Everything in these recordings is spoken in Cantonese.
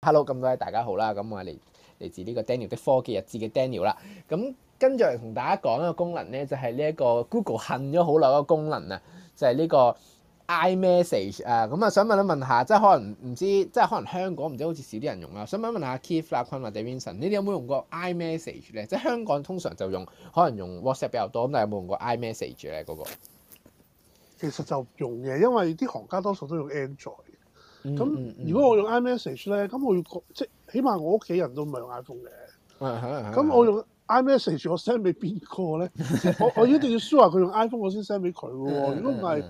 Hello，咁多位大家好啦，咁我嚟嚟自呢個 Daniel 的科技日誌嘅 Daniel 啦。咁跟住嚟同大家講一個功能呢，就係呢一個 Google 恨咗好耐一個功能啊，就係呢個 iMessage 啊。咁啊，想問一問下，即係可能唔知，即係可能香港唔知好似少啲人用啦。想問一問下，Keith、啦、坤或者 Vincent，你哋有冇用過 iMessage 呢？即係香港通常就用，可能用 WhatsApp 比較多，咁但有冇用過 iMessage 呢？嗰個？其實就唔用嘅，因為啲行家多數都用 Android。咁、mm hmm. 如果我用 iMessage 咧，咁我要即係起碼我屋企人都唔係用 iPhone 嘅。咁、mm hmm. 我用 iMessage，我 send 俾邊個咧？ 我我一定要 sure 話佢用 iPhone，我先 send 俾佢喎。Mm hmm. 如果唔係，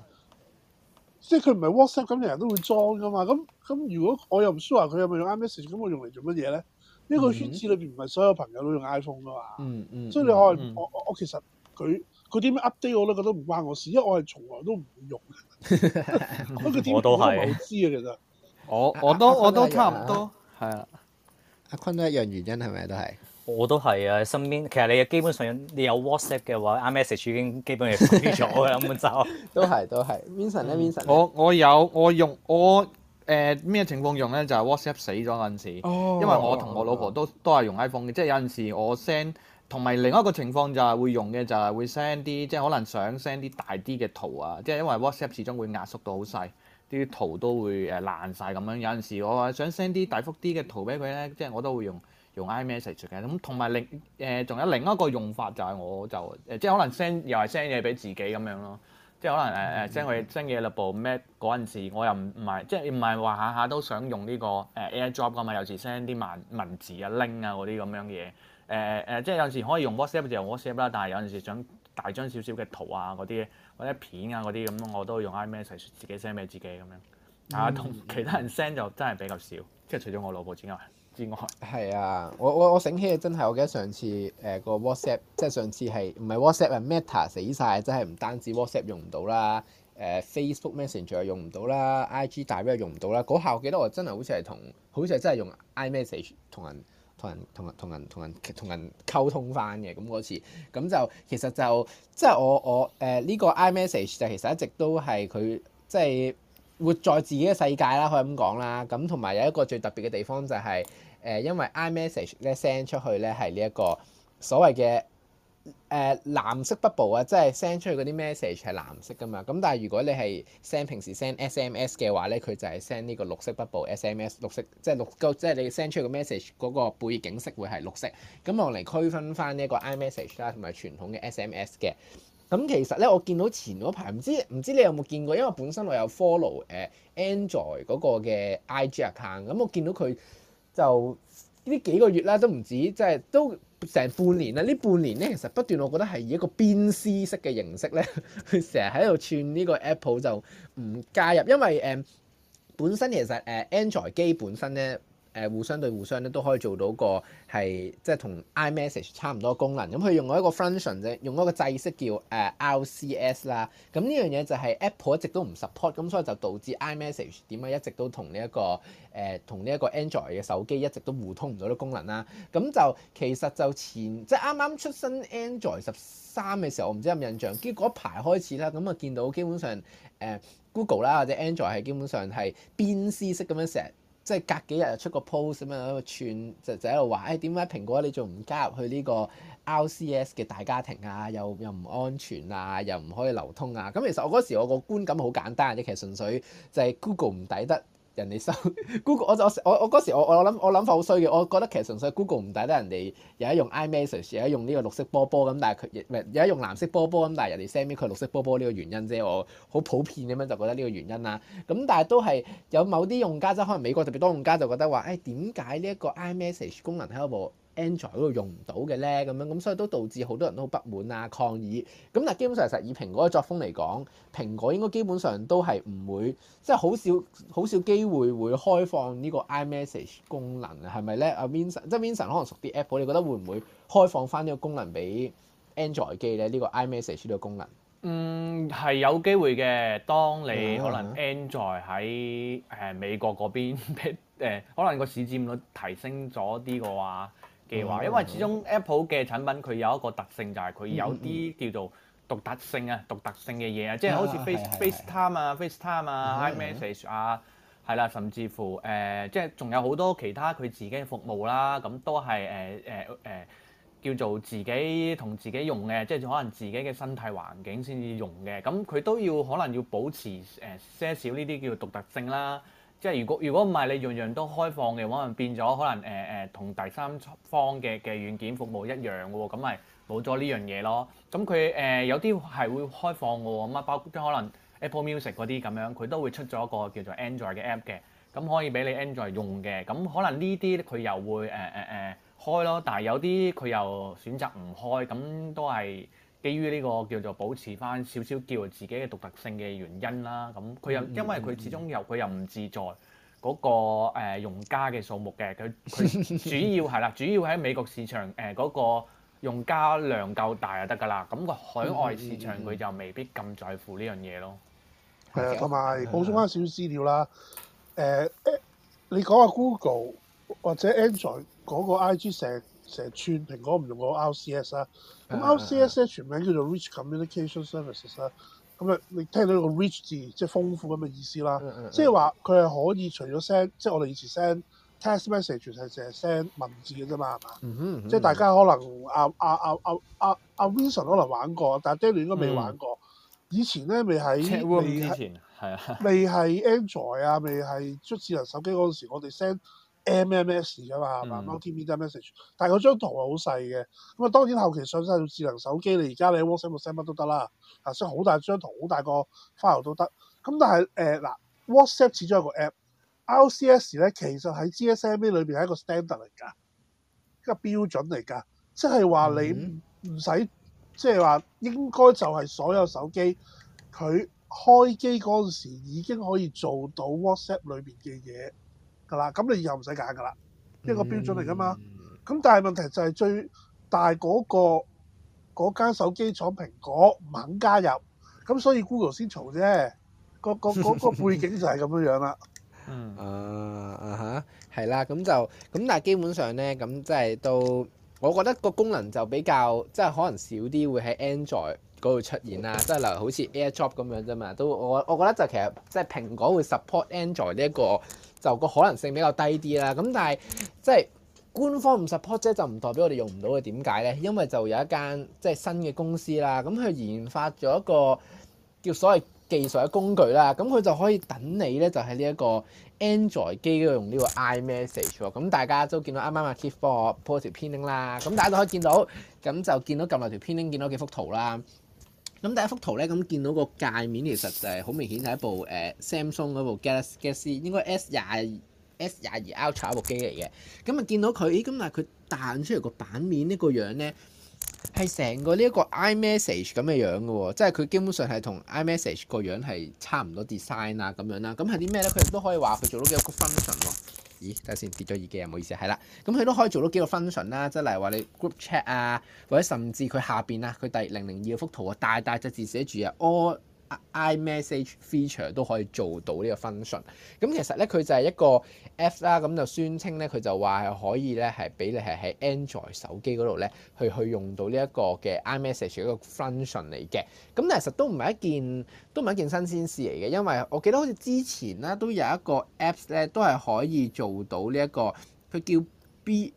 即係佢唔係 WhatsApp，咁人人都會裝噶嘛。咁咁如果我又唔 sure 話佢有冇用 iMessage，咁我用嚟做乜嘢咧？呢、mm hmm. 個圈子裏邊唔係所有朋友都用 iPhone 噶嘛。Mm hmm. 所以你可能我、mm hmm. 我我其實佢。佢點樣 update 我都覺得唔關我事，因為我係從來都唔會用。我都係。我知啊？其實，我我都我都差唔多。係啊，阿坤都一樣，、啊啊啊、都一樣原因係咪都係？我都係啊，身邊其實你基本上你有 WhatsApp 嘅話 iMessage 已經基本係死咗嘅，咁就。都係都係，Vincent 咧 Vincent。我我有我用我誒咩、呃、情況用咧？就係、是、WhatsApp 死咗嗰陣時，哦、因為我同我老婆都、哦哦、都係用 iPhone 嘅，即係有陣時我 send。 我同埋另外一個情況就係會用嘅就係會 send 啲即係可能想 send 啲大啲嘅圖啊，即係因為 WhatsApp 始終會壓縮到好細，啲圖都會誒爛晒咁樣，有陣時我想 send 啲大幅啲嘅圖俾佢咧，即係我都會用用 iMessage 嘅。咁同埋另誒仲、呃、有另一個用法就係我就誒、呃、即係可能 send 又係 send 嘢俾自己咁樣咯，即係可能誒誒 send 佢 send 嘢落部 Mac 嗰陣時，我又唔唔係即係唔係話下下都想用呢個誒 AirDrop 噶嘛，有時 send 啲文文字啊 link 啊嗰啲咁樣嘢。誒誒、呃、即係有陣時可以用 WhatsApp 就用 WhatsApp 啦，但係有陣時想大張少少嘅圖啊，嗰啲或者片啊嗰啲咁，我都用 iMessage 自己 send 俾自己咁樣。啊，同其他人 send 就真係比較少，即係除咗我老婆之外之外。係啊，我我我醒起真係，我記得上次誒、呃嗰個 WhatsApp，即係上次係唔係 WhatsApp 係 Meta 死晒，真係唔單止 WhatsApp 用唔到啦，誒、呃、Facebook Messenger 又用唔到啦，IG 大 V 又用唔到啦。嗰下我記得我真係好似係同，好似係真係用 iMessage 同人。同人同人同人同人同人溝通返嘅咁嗰次，咁就其實就即係、就是、我我誒呢、呃這個 iMessage 就其實一直都係佢即係活在自己嘅世界啦，可以咁講啦。咁同埋有一個最特別嘅地方就係、是、誒、呃，因為 iMessage 咧 send 出去咧係呢一個所謂嘅。誒、呃、藍色 Bubble 啊，即係 send 出去嗰啲 message 係藍色噶嘛。咁但係如果你係 send 平時 send SMS 嘅話咧，佢就係 send 呢個綠色 Bubble SMS，綠色即係綠，即係你 send 出去個 message 嗰個背景色會係綠色。咁我用嚟區分翻呢一個 iMessage 啦，同埋傳統嘅 SMS 嘅。咁其實咧，我見到前嗰排唔知唔知你有冇見過，因為本身我有 follow 誒 Android 嗰個嘅 IG account，咁我見到佢就。呢幾個月啦，都唔止，即係都成半年啦。呢半年咧，其實不斷，我覺得係以一個鞭屍式嘅形式咧，成日喺度串呢個 Apple 就唔加入，因為誒、呃、本身其實 Android 機本身咧。誒互相對互相咧都可以做到個係即係同 iMessage 差唔多，功能，咁佢用咗一個 function，用咗個制式叫誒 RCS 啦。咁呢樣嘢就係 Apple 一直都唔 support，咁所以就導致 iMessage 點解一直都同呢一個誒同呢一個 Android 嘅手機一直都互通唔到啲功能啦。咁就其實就前即係啱啱出新 Android 十三嘅時候，我唔知有冇印象？跟住嗰排開始啦，咁啊見到基本上誒、呃、Google 啦或者 Android 係基本上係邊 C 式咁樣 set 即係隔幾日又出個 post 咁樣喺度串就就喺度話，誒點解蘋果你仲唔加入去呢個 RCS 嘅大家庭啊？又又唔安全啊，又唔可以流通啊！咁、嗯、其實我嗰時我個觀感好簡單，啲其實純粹就係 Google 唔抵得。人哋收 Google，我就我我嗰時我我諗我諗法好衰嘅，我覺得其實純粹 Google 唔抵得人哋有得用 iMessage，有得用呢個綠色波波咁，但係佢亦唔係有得用藍色波波咁，但係人哋 send 俾佢綠色波波呢個原因啫，我好普遍咁樣就覺得呢個原因啦。咁但係都係有某啲用家即係可能美國特別多用家就覺得話，誒點解呢一個 iMessage 功能喺度冇？Android 嗰度用唔到嘅咧，咁樣咁所以都導致好多人都好不滿啊、抗議。咁但係基本上其實以蘋果嘅作風嚟講，蘋果應該基本上都係唔會，即係好少好少機會會開放呢個 iMessage 功能嘅，係咪咧？阿 Vincent，即係 Vincent 可能熟啲 Apple，你覺得會唔會開放翻呢個功能俾 Android 機咧？呢個 iMessage 呢個功能，是是嗯係有機會嘅。當你可能 Android 喺誒美國嗰邊可能個市佔率提升咗啲嘅話。嘅因為始終 Apple 嘅產品佢有一個特性，就係佢有啲叫做獨特性啊、嗯嗯獨特性嘅嘢啊，即係好似 Face FaceTime 啊、FaceTime 啊、iMessage 啊，係啦的，甚至乎誒、呃，即係仲有好多其他佢自己嘅服務啦，咁、嗯、都係誒誒誒叫做自己同自己用嘅，即係可能自己嘅生態環境先至用嘅，咁、嗯、佢都要可能要保持誒、呃、些少呢啲叫做獨特性啦。即係如果如果唔係你樣樣都開放嘅話，可能變咗可能誒誒同第三方嘅嘅軟件服務一樣嘅喎，咁咪冇咗呢樣嘢咯。咁佢誒有啲係會開放嘅喎，乜包括可能 Apple Music 嗰啲咁樣，佢都會出咗一個叫做 Android 嘅 app 嘅，咁、嗯、可以俾你 Android 用嘅。咁、嗯、可能呢啲佢又會誒誒誒開咯，但係有啲佢又選擇唔開，咁、嗯、都係，基於呢個叫做保持返少少叫自己嘅獨特性嘅原因啦，咁佢又因為佢始終又佢又唔自在嗰、嗰個、呃、用家嘅數目嘅，佢佢主要係啦，主要喺美國市場誒嗰、呃嗰個用家量夠大就得㗎喇，咁、嗰個海外市場佢就未必咁在乎呢樣嘢咯。係啊，同埋補充返少少資料啦，誒、嗯，你講下 Google 或者 Android 嗰個 IG 社。成日串蘋果唔用過 RCS 啦。咁 RCS 咧全名叫做 Rich Communication Services 啦，咁啊你聽到個 Rich 字即係豐富咁嘅意思啦， 即係話佢係可以除咗 send 即係我哋以前 send text message 係成日 send 文字嘅啫嘛，係嘛？ 即係大家可能阿阿阿阿阿阿 Vincent 可能玩過，但係爹哋應該未玩過。 以前咧未喺 未係係啊，未係 Android 啊，未係出智能手機嗰陣時，我哋 send。MMS 㗎嘛，係嘛 Multimedia message，嗯、但係嗰張圖係好細嘅。咁啊，當然後期上晒到智能手機，你而家你喺 WhatsApp 度 send 乜都得、啊呃、啦。啊 send 好大張圖，好大個 file 都得。咁但係誒嗱，WhatsApp 始終一個 app，RCS 咧，其實喺 GSMA 裏邊係一個 standard 嚟㗎，一個標準嚟㗎。即係話你唔使，嗯、即係話應該就係所有手機佢開機嗰陣時已經可以做到 WhatsApp 裏邊嘅嘢。噶啦，咁你以後唔使揀噶啦，一個標準嚟噶嘛。咁但係問題就係最大嗰個嗰間手機廠蘋果唔肯加入，咁所以 Google 先嘈啫。個個個個背景就係咁樣樣啦。嗯，啊，嚇，係啦。咁就咁，但係基本上咧，咁即係都，我覺得個功能就比較即係可能少啲，會喺 Android 嗰度出現啦，即係例如好似 AirDrop 咁樣啫嘛，都，都我我覺得就其實即係蘋果會 support Android 呢、這、一個就個可能性比較低啲啦。咁但係即係官方唔 support 啫，就唔代表我哋用唔到嘅。點解咧？因為就有一間即係新嘅公司啦，咁佢研發咗一個叫所謂技術嘅工具啦，咁佢就可以等你咧，就喺呢一個 Android 機度用呢個 iMessage 喎。咁大家都見到啱啱阿 Kitfor Post 條篇拎啦，咁大家都可以見到，咁就見到㩒落條片拎見到幾幅圖啦。咁第一幅圖咧，咁見到個界面其實就係好明顯係一部誒 Samsung 嗰部 Galaxy 應該 S 廿 S 廿二 Ultra 一部機嚟嘅。咁啊見到佢，咦，咁但係佢彈出嚟個版面呢個樣咧，係成個呢一個 iMessage 咁嘅樣嘅喎，即係佢基本上係同 iMessage 個樣係差唔多 design 啊咁樣啦。咁係啲咩咧？佢亦都可以話佢做到幾個 function 喎。咦，等下先，跌咗耳機啊，唔好意思，係啦，咁佢都可以做到幾個 function 啦，即係例如話你 group chat 啊，或者甚至佢下邊啊，佢第零零二幅圖啊，大大隻字寫住啊哦。All iMessage feature 都可以做到呢個 function。咁其實咧佢就係一個 app 啦，咁就宣稱咧佢就話係可以咧係俾你係喺 Android 手機嗰度咧去去用到呢一個嘅 iMessage 一個 function 嚟嘅，咁其實都唔係一件都唔係一件新鮮事嚟嘅，因為我記得好似之前咧都有一個 apps 咧都係可以做到呢一個，佢叫 B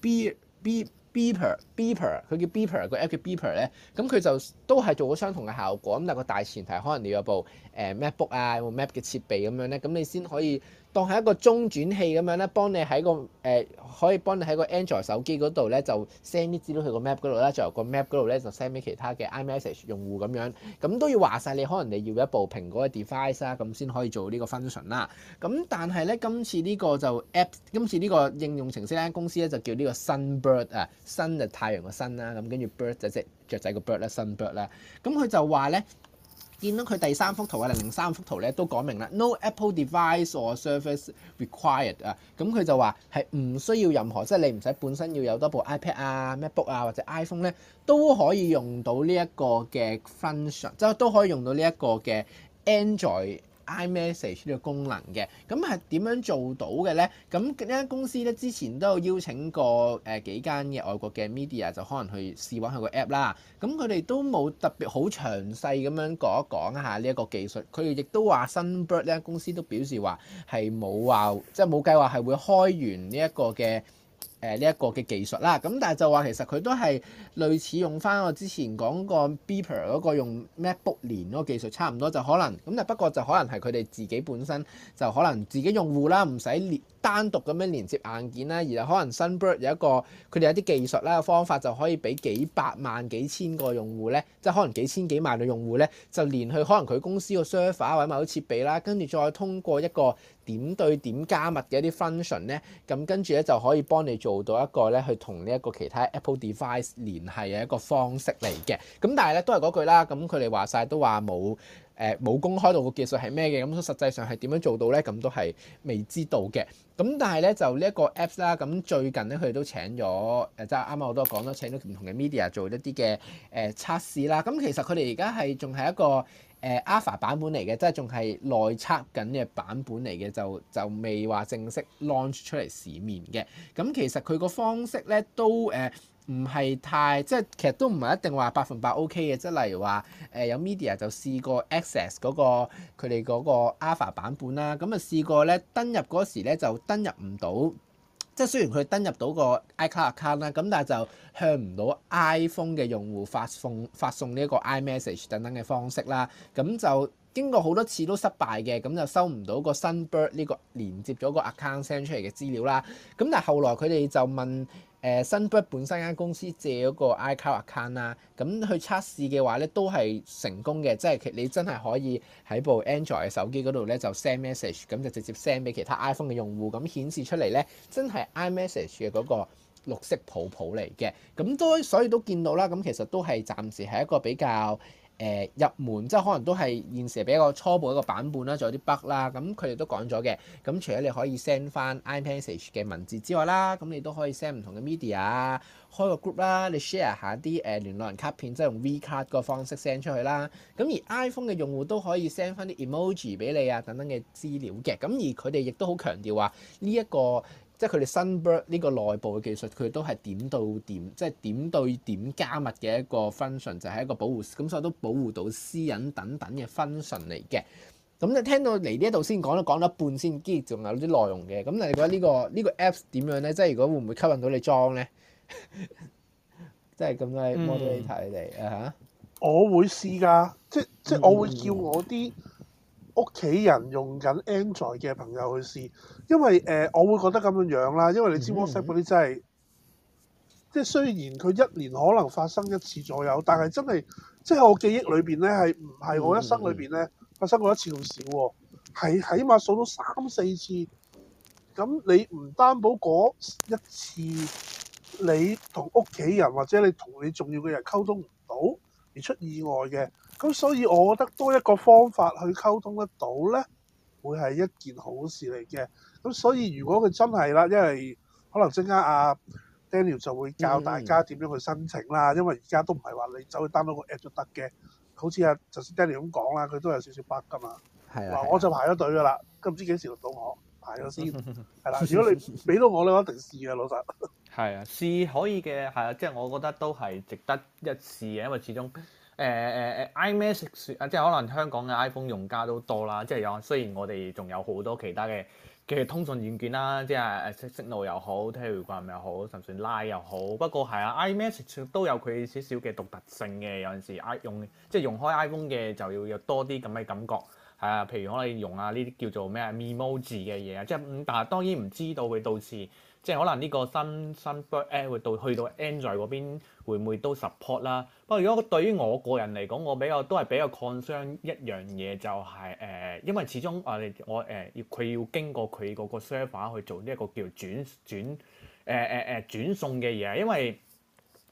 B B, B。Beeper，Beeper，佢叫 Beeper，個 app 叫 Beeper 咧，咁佢就都係做咗相同嘅效果，咁但係個大前提可能你要有部誒 MacBook 啊，有部 Mac 嘅設備咁樣咧，咁你先可以。當係一個中轉器咁樣咧，幫你喺個誒、呃，可以幫你喺個 Android 手機嗰度咧，就 send 啲資料去個 Mac 嗰度啦，再由個 Mac 嗰度咧就 send 俾其他嘅 iMessage 用戶咁樣，咁都要話晒，你，可能你要一部蘋果嘅 device 啦、啊，咁先可以做呢個 function 啦。咁但係咧，今次呢個就 app，今次呢個應用程式咧，公司咧就叫呢個 Sunbird 啊，Sun 就太陽嘅 Sun 啦，咁跟住 bird 就隻雀仔個 bird 啦 Sunbird 啦、啊。咁、嗯、佢就話咧。見到佢第三幅圖啊，零零三幅圖咧都講明啦，No Apple device or Surface required 啊，咁、嗯、佢就話係唔需要任何，即係你唔使本身要有多部 iPad 啊、MacBook 啊或者 iPhone 咧，都可以用到呢一個嘅 function，即係都可以用到呢一個嘅 Android。iMessage 呢個功能嘅，咁係點樣做到嘅咧？咁呢間公司咧之前都有邀請過誒、呃、幾間嘅外國嘅 media 就可能去試玩佢個 app 啦。咁佢哋都冇特別好詳細咁樣講一講嚇呢一個技術。佢哋亦都話，Sunbird 呢間公司都表示話係冇話，即係冇計劃係會開源呢一個嘅。誒呢一個嘅技術啦，咁但係就話其實佢都係類似用翻我之前講過 Beeper 嗰個用 MacBook 連嗰個技術差唔多，就可能咁，但不過就可能係佢哋自己本身就可能自己用戶啦，唔使連單獨咁樣連接硬件啦，而係可能 Sunbird 有一個佢哋有啲技術啦，方法就可以俾幾百萬幾千個用戶咧，即係可能幾千幾萬嘅用戶咧，就連去可能佢公司個 server 或者某啲設備啦，跟住再通過一個點對點加密嘅一啲 function 咧，咁跟住咧就可以幫你做。做到一個咧，去同呢一個其他 Apple device 聯繫嘅一個方式嚟嘅。咁但係咧，都係嗰句啦。咁佢哋話晒都話冇。誒冇公開到個技術係咩嘅，咁實際上係點樣做到呢？咁都係未知道嘅。咁但係呢，就呢一個 Apps 啦，咁最近呢，佢哋都請咗，即係啱啱我都講咗，請咗唔同嘅 media 做一啲嘅誒測試啦。咁其實佢哋而家係仲係一個誒 Alpha 版本嚟嘅，即係仲係內測緊嘅版本嚟嘅，就就未話正式 launch 出嚟市面嘅。咁其實佢個方式呢都誒。呃唔係太即係，其實都唔係一定話百分百 OK 嘅。即係例如話，誒、呃、有 media 就試過 access 嗰、嗰個佢哋嗰個 Alpha 版本啦。咁啊試過咧登入嗰時咧就登入唔到，即係雖然佢登入到個 iCloud account 啦，咁但係就向唔到 iPhone 嘅用戶發送發送呢一個 iMessage 等等嘅方式啦。咁就經過好多次都失敗嘅，咁就收唔到個 Sunbird 呢個連接咗個 account send 出嚟嘅資料啦。咁但係後來佢哋就問。誒 Sunbird 本身間公司借嗰個 iCarry account 啦，咁去測試嘅話咧，都係成功嘅，即係其你真係可以喺部 Android 嘅手機嗰度咧就 send message，咁就直接 send 俾其他 iPhone 嘅用戶，咁顯示出嚟咧真係 iMessage 嘅嗰個綠色泡泡嚟嘅，咁都所以都見到啦，咁其實都係暫時係一個比較。誒入門即係可能都係現時比較初步一個版本啦，仲有啲 bug 啦。咁佢哋都講咗嘅。咁除咗你可以 send 翻 iMessage 嘅文字之外啦，咁你都可以 send 唔同嘅 media 啊，開個 group 啦，你 share 下啲誒聯絡人卡片，即係用 Vcard 個方式 send 出去啦。咁而 iPhone 嘅用戶都可以 send 翻啲 emoji 俾你啊，等等嘅資料嘅。咁而佢哋亦都好強調話呢一個。即係佢哋 Sunbird 呢個內部嘅技術，佢都係點到點，即係點對點加密嘅一個 function，就係、是、一個保護，咁所以都保護到私隱等等嘅 function 嚟嘅。咁、嗯、你聽到嚟呢一度先講，講到一半先跟住仲有啲內容嘅。咁你覺得、這個這個、呢個呢個 apps 點樣咧？即係如果會唔會吸引到你裝咧？ 即係咁多 m o d 睇嚟嚇，嗯啊、我會試㗎，即、嗯、即係我會叫我啲。屋企人用緊 Android 嘅朋友去試，因為誒、呃、我會覺得咁樣樣啦，因為你知 WhatsApp 嗰啲真係，即係雖然佢一年可能發生一次左右，但係真係即係我記憶裏邊咧係唔係我一生裏邊咧發生過一次咁少喎、啊，係起碼數到三四次。咁你唔擔保嗰一次你同屋企人或者你同你重要嘅人溝通唔到而出意外嘅。咁所以我覺得多一個方法去溝通得到咧，會係一件好事嚟嘅。咁所以如果佢真係啦，因為可能即刻、啊、阿 Daniel 就會教大家點樣去申請啦。因為而家都唔係話你走去 download 個 app 都得嘅。好似阿、啊，就算 Daniel 咁講啦，佢都有少少 bug 噶嘛。係啊。啊我就排咗隊噶啦，都唔知幾時輪到我，排咗先係啦、啊。如果你俾到我咧，我一定試嘅，老實。係啊，試可以嘅，係啊，即係我覺得都係值得一試嘅，因為始終。誒誒誒，iMessage 啊，uh, uh, age, uh, 即係可能香港嘅 iPhone 用家都多啦，即係有。雖然我哋仲有好多其他嘅嘅通訊軟件啦，即係誒 Signal 又好，Telegram 又好，甚至 Line 又好。不過係啊，iMessage 都有佢少少嘅獨特性嘅。有陣時 i 用即係用開 iPhone 嘅就要有多啲咁嘅感覺，係啊。譬如可能用下呢啲叫做咩啊 Memoji 嘅嘢啊，即係、嗯、但係當然唔知道會到時。即係可能呢個新新 b o i c k L 會到去到 Android 嗰邊，會唔會都 support 啦？不過如果對於我個人嚟講，我比較都係比較 concern 一樣嘢，就係、是、誒、呃，因為始終我哋我誒，佢、呃呃、要經過佢嗰個 server 去做呢一個叫轉轉誒誒誒轉送嘅嘢，因為。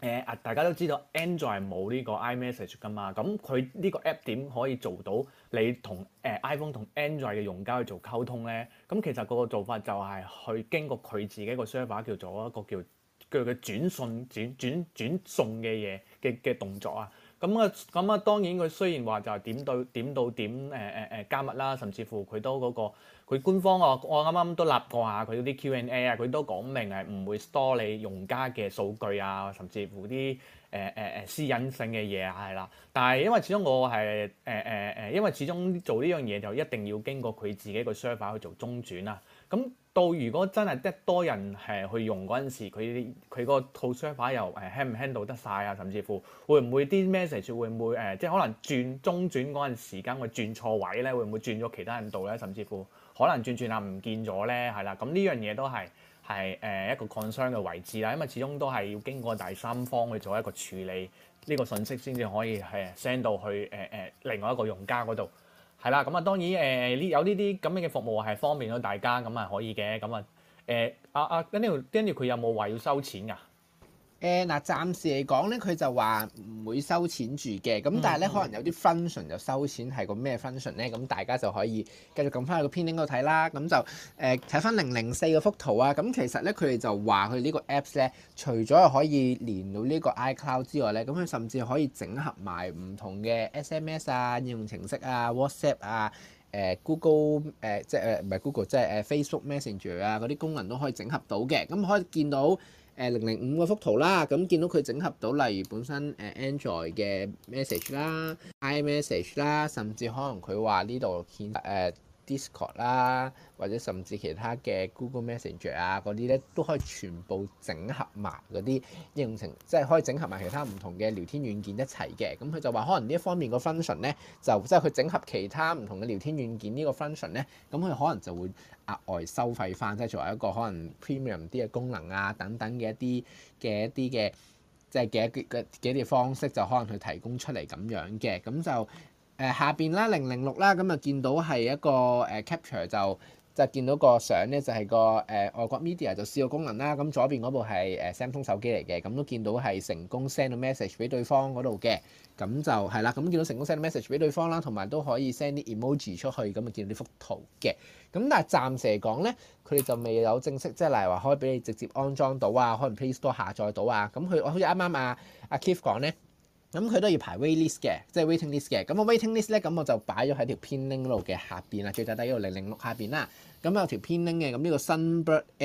誒啊、呃！大家都知道 Android 冇呢個 iMessage 噶嘛，咁佢呢個 app 點可以做到你同誒、呃、iPhone 同 Android 嘅用家去做溝通咧？咁、嗯、其實嗰個做法就係去經過佢自己個 server 叫做一個叫叫佢嘅轉送轉轉轉送嘅嘢嘅嘅動作啊。咁啊，咁啊、嗯嗯，當然佢雖然話就係點對點到點誒誒誒加密啦，甚至乎佢都嗰、嗰個佢官方、啊、我我啱啱都立過下佢啲 Q&A 啊，佢都講明係唔會 store 你用家嘅數據啊，甚至乎啲誒誒誒私隱性嘅嘢啊係啦，但係因為始終我係誒誒誒，因為始終做呢樣嘢就一定要經過佢自己個 server 去做中轉啦、啊。咁到如果真係得多人係去用嗰陣時，佢佢嗰個套 server 又誒 handle 唔 handle 得晒啊？甚至乎會唔會啲 message 會唔會誒、呃、即係可能轉中轉嗰陣時間會,會轉錯位咧？會唔會轉咗其他人度咧？甚至乎可能轉轉下唔見咗咧？係啦，咁呢樣嘢都係係誒一個 concern 嘅位置啦，因為始終都係要經過第三方去做一個處理呢個信息先至可以係 send、呃、到去誒誒、呃、另外一個用家嗰度。係啦，咁啊當然誒呢、呃、有呢啲咁樣嘅服務係方便咗大家，咁啊可以嘅，咁、呃、啊誒阿阿跟住跟住佢有冇話要收錢㗎、啊？誒嗱，暫、呃、時嚟講咧，佢就話唔會收錢住嘅，咁、嗯、但係咧、嗯、可能有啲 function 就收錢，係個咩 function 咧？咁大家就可以繼續撳翻去個編頂度睇啦。咁就誒睇翻零零四嗰幅圖啊。咁其實咧，佢哋就話佢呢個 apps 咧，除咗可以連到呢個 iCloud 之外咧，咁佢甚至可以整合埋唔同嘅 SMS 啊應用程式啊 WhatsApp 啊誒、呃、Google 誒、呃、即係誒、呃、唔係 Google 即係誒、呃呃、Facebook Messenger 啊嗰啲功能都可以整合到嘅。咁可以見到。誒零零五嗰幅圖啦，咁見到佢整合到，例如本身誒、呃、Android 嘅 Message 啦、iMessage 啦，甚至可能佢話呢度顯誒。呃 Discord 啦，或者甚至其他嘅 Google Messenger 啊，嗰啲咧都可以全部整合埋嗰啲應用程，即係可以整合埋其他唔同嘅聊天軟件一齊嘅。咁、嗯、佢就話可能呢一方面個 function 咧，就即係佢整合其他唔同嘅聊天軟件個呢個 function 咧，咁、嗯、佢可能就會額外收費翻，即係作為一個可能 premium 啲嘅功能啊等等嘅一啲嘅一啲嘅，即係嘅嘅嘅幾條方式就可能去提供出嚟咁樣嘅，咁、嗯、就。誒、呃、下邊啦，零零六啦，咁就見到係一個誒 capture 就就見到個相咧，就係、是、個誒、呃、外國 media 就試個功能啦。咁左邊嗰部係誒 Samsung 手機嚟嘅，咁都見到係成功 send message 俾對方嗰度嘅。咁就係啦，咁見到成功 send message 俾對方啦，同埋都可以 send 啲 emoji 出去，咁就見到呢幅圖嘅。咁但係暫時嚟講咧，佢哋就未有正式，即係例如話可以俾你直接安裝到啊，可能 Play Store 下載到啊。咁佢好似啱啱阿阿 Keith 講咧。咁佢都要排 waitlist 嘅，即係 waiting list 嘅。咁、那個 waiting list 咧，咁我就擺咗喺條 pinning 路嘅下邊啦，最底底度零零六下邊啦。咁有條 pinning 嘅，咁呢個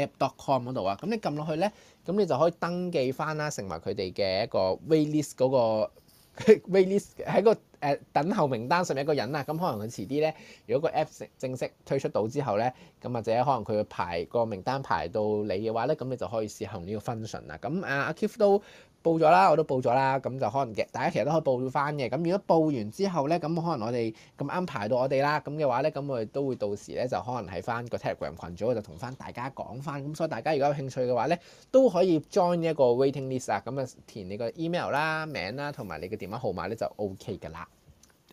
sunbirdapp.com 嗰度啊。咁你撳落去咧，咁你就可以登記翻啦，成為佢哋嘅一個 waitlist 嗰、那個 waitlist 喺個誒、呃、等候名單上面一個人啦。咁可能佢遲啲咧，如果個 app 正正式推出到之後咧，咁或者可能佢排個名單排到你嘅話咧，咁你就可以試行呢個 function 啦。咁阿阿 Kif 都。報咗啦，我都報咗啦，咁就可能嘅，大家其實都可以報翻嘅。咁如果報完之後呢，咁可能我哋咁安排到我哋啦，咁嘅話呢，咁我哋都會到時呢，就可能喺翻個 Telegram 群組就同翻大家講翻。咁所以大家如果有興趣嘅話呢，都可以 join 一個 waiting list 啊。咁啊，填你個 email 啦、名啦，同埋你嘅電話號碼呢，就 OK 㗎啦。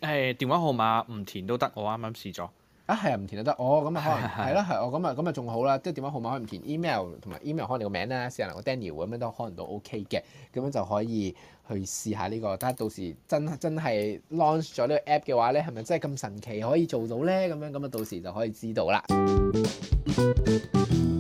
誒，電話號碼唔填都得，我啱啱試咗。啊係啊，唔填、啊、就得哦，咁啊可能係啦，係哦、 啊，咁啊咁啊仲好啦，即係電話號碼可以唔填 ，email 同埋 email 可能你個名啦，試下個 Daniel 咁樣都可能都 OK 嘅，咁樣就可以去試下呢、呢個，睇下到時真真係 launch 咗呢個 app 嘅話咧，係咪真係咁神奇可以做到咧？咁樣咁啊，到時就可以知道啦。